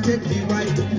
the Dixie right.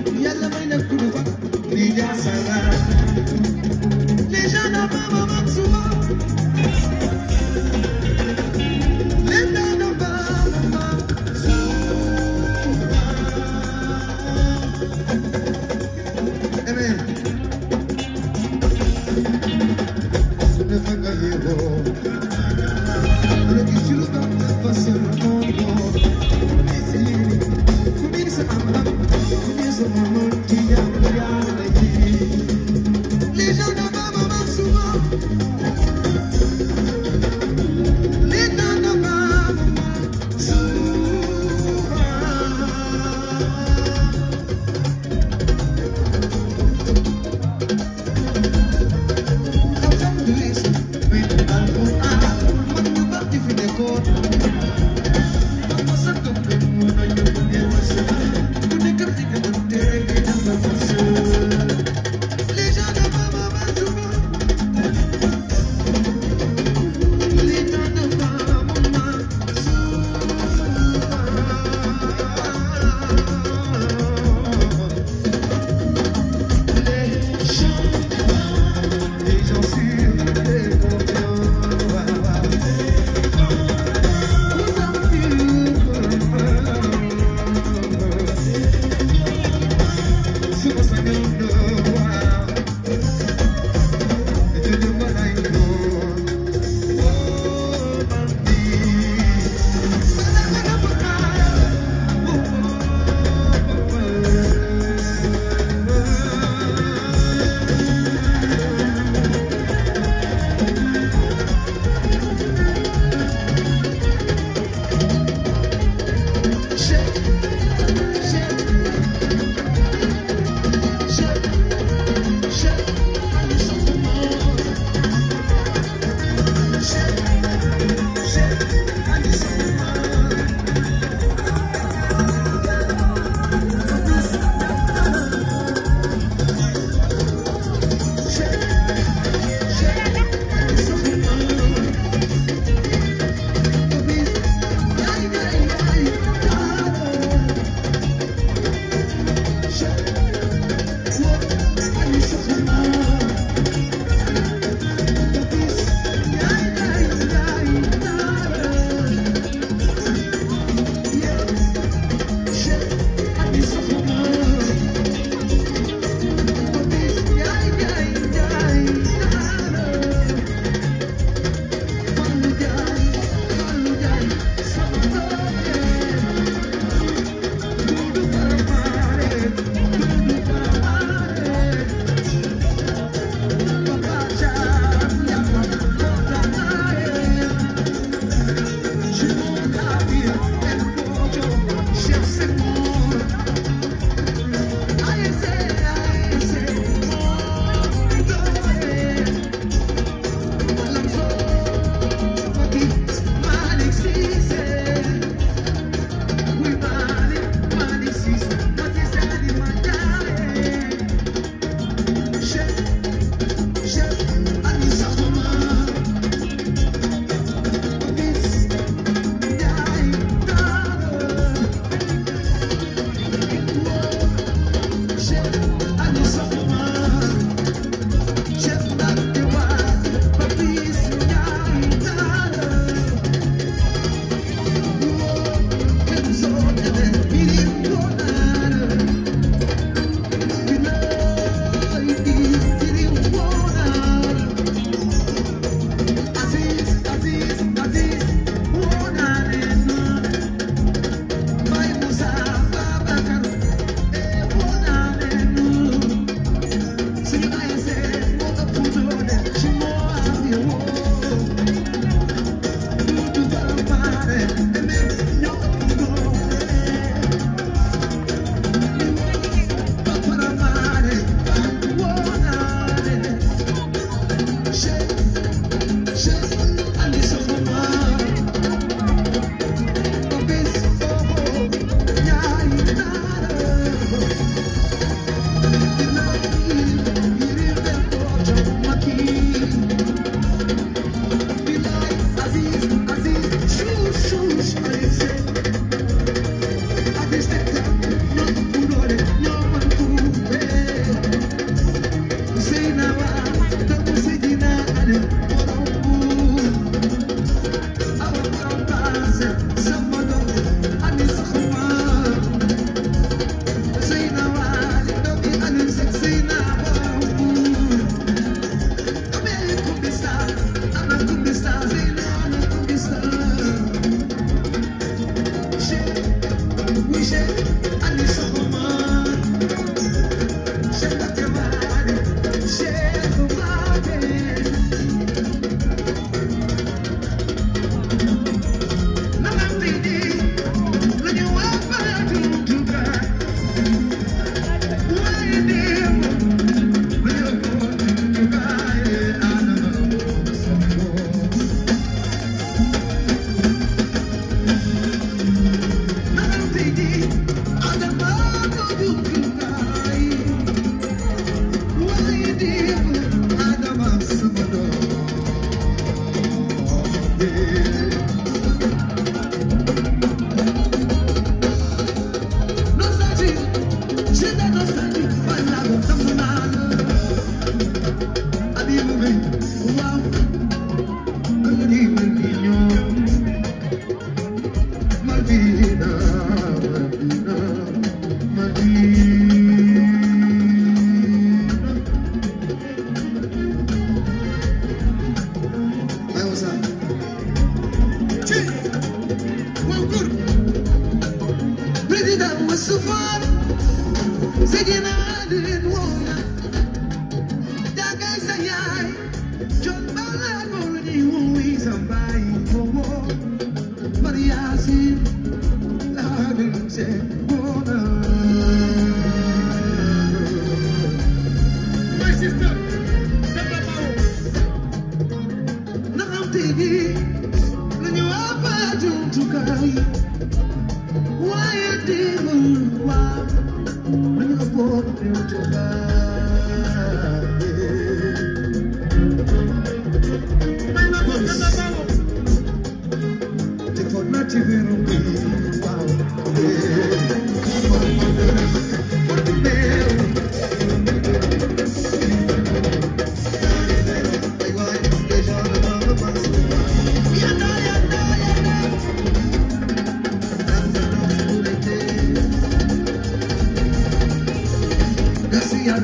Yes. système.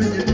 Thank you.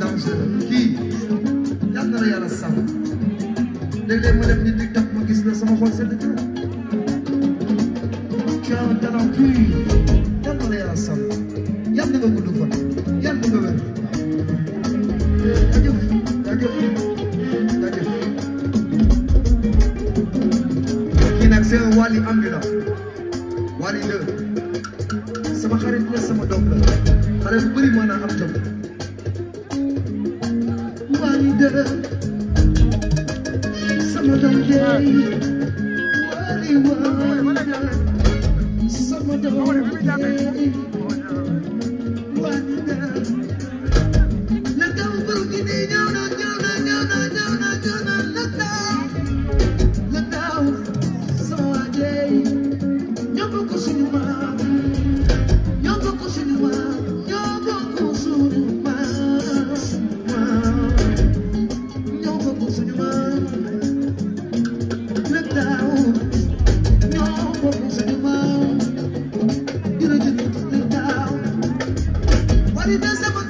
dangereux kii yàlla na la yàlla sàmm léeg-léeg ma dem nit Sama doom bari na sama